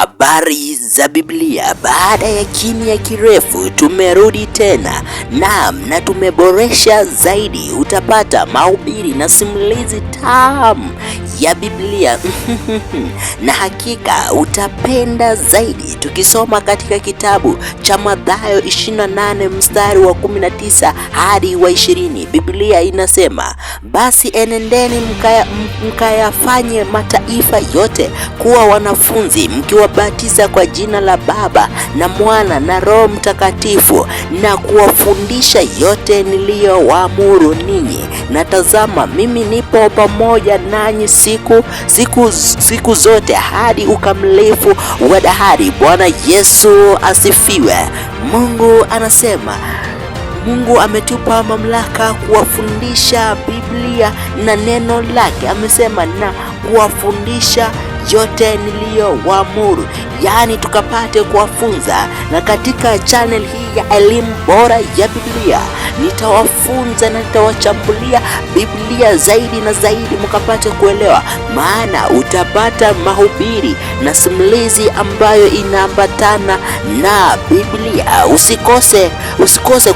Habari za Biblia. Baada ya kimya kirefu, tumerudi tena naam, na tumeboresha zaidi. Utapata mahubiri na simulizi tamu ya Biblia na hakika utapenda zaidi tukisoma katika kitabu cha Mathayo 28 mstari wa 19 hadi wa 20. Biblia inasema, basi enendeni mkayafanye mataifa yote kuwa wanafunzi, mkiwabatiza kwa jina la Baba na Mwana na Roho Mtakatifu, na kuwafundisha yote niliyowaamuru ninyi na tazama, mimi nipo pamoja nanyi siku, siku, siku zote hadi ukamilifu wa dahari. Bwana Yesu asifiwe. Mungu anasema Mungu ametupa mamlaka kuwafundisha Biblia na neno lake, amesema na kuwafundisha yote niliyowaamuru, yaani tukapate kuwafunza. Na katika channel hii ya elimu bora ya Biblia nitawafunza na nitawachambulia Biblia zaidi na zaidi, mkapate kuelewa. Maana utapata mahubiri na simulizi ambayo inaambatana na Biblia. Usikose, usikose.